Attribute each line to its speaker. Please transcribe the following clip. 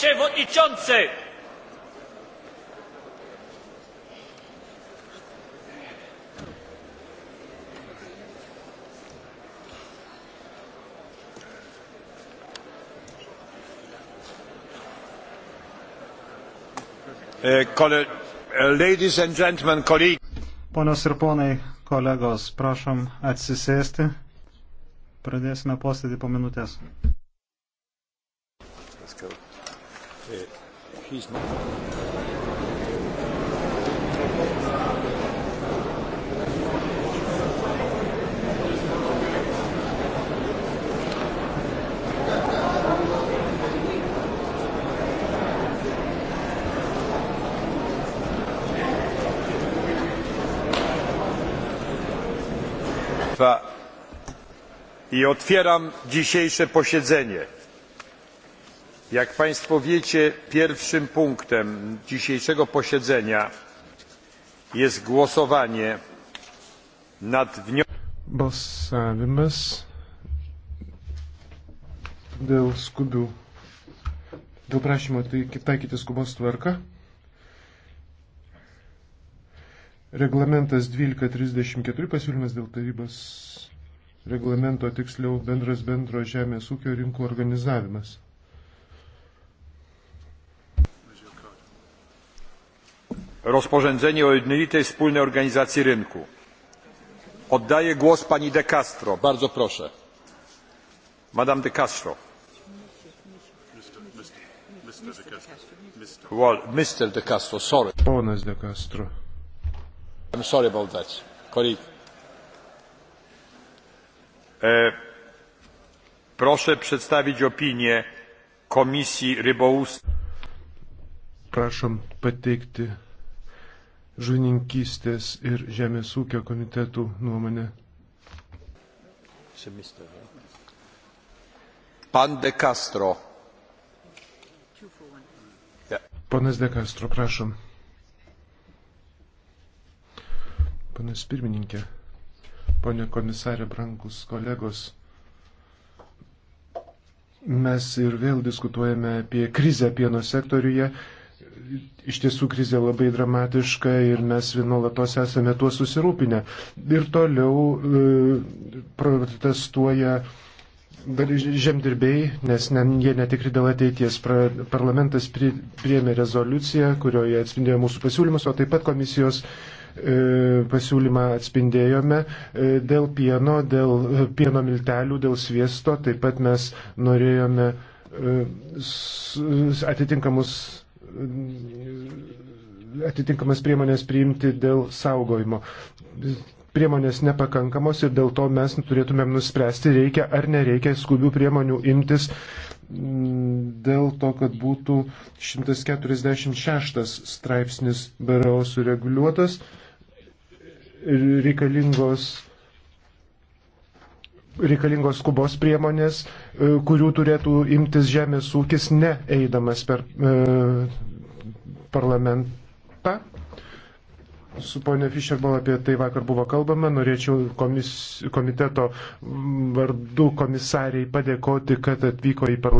Speaker 1: przewodniczący! E, e, ladies and gentlemen, colleagues.
Speaker 2: Ponios ir ponai, kolegos, prašom atsisėsti. Pradėsime posėdį po minutės.
Speaker 1: Let's go. Yeah. He's not. i otwieram dzisiejsze posiedzenie jak państwo wiecie pierwszym punktem dzisiejszego posiedzenia jest głosowanie nad
Speaker 2: balsavimas dėl skubių dėl prašymo taikyti skubos tvarką reglamentas 1234 pasiūlymas dėl tarybos reglamento tiksliau bendras bendro žemės ūkio rinkų organizavimas
Speaker 1: rozporządzenie o jednolitej wspólnej organizacji rynku. oddaję głos pani de castro bardzo proszę. madame de castro. Well, mr de castro sorry. ponas de castro. i'm sorry about that. colleague. E, proszę przedstawić opinię komisji
Speaker 2: rybołówstwa. Prašom pateikti žuvininkystės ir žemės ūkio komitetų nuomonė.
Speaker 1: Pan De Castro.
Speaker 2: Panas De Castro, prašom. Panas pirmininkė, ponė komisarė, brangus kolegos. Mes ir vėl diskutuojame apie krizę pieno sektoriuje Iš tiesų krizė labai dramatiška ir mes vienuolatos esame tuo susirūpinę. Ir toliau e, protestuoja žemdirbiai, nes ne, jie netikri dėl ateities. Pra, parlamentas pri, priėmė rezoliuciją, kurioje atspindėjo mūsų pasiūlymus, o taip pat komisijos e, pasiūlymą atspindėjome e, dėl pieno, dėl e, pieno miltelių, dėl sviesto. Taip pat mes norėjome e, s, atitinkamus atitinkamas priemonės priimti dėl saugojimo. Priemonės nepakankamos ir dėl to mes turėtumėm nuspręsti, reikia ar nereikia skubių priemonių imtis mm, dėl to, kad būtų 146 straipsnis BRO sureguliuotas reikalingos reikalingos skubos priemonės, e, kurių turėtų imtis žemės ūkis neeidamas per e, parlamentą. Su ponė Fischerbal apie tai vakar buvo kalbama. Norėčiau komis, komiteto vardu komisariai padėkoti, kad atvyko į parlamentą.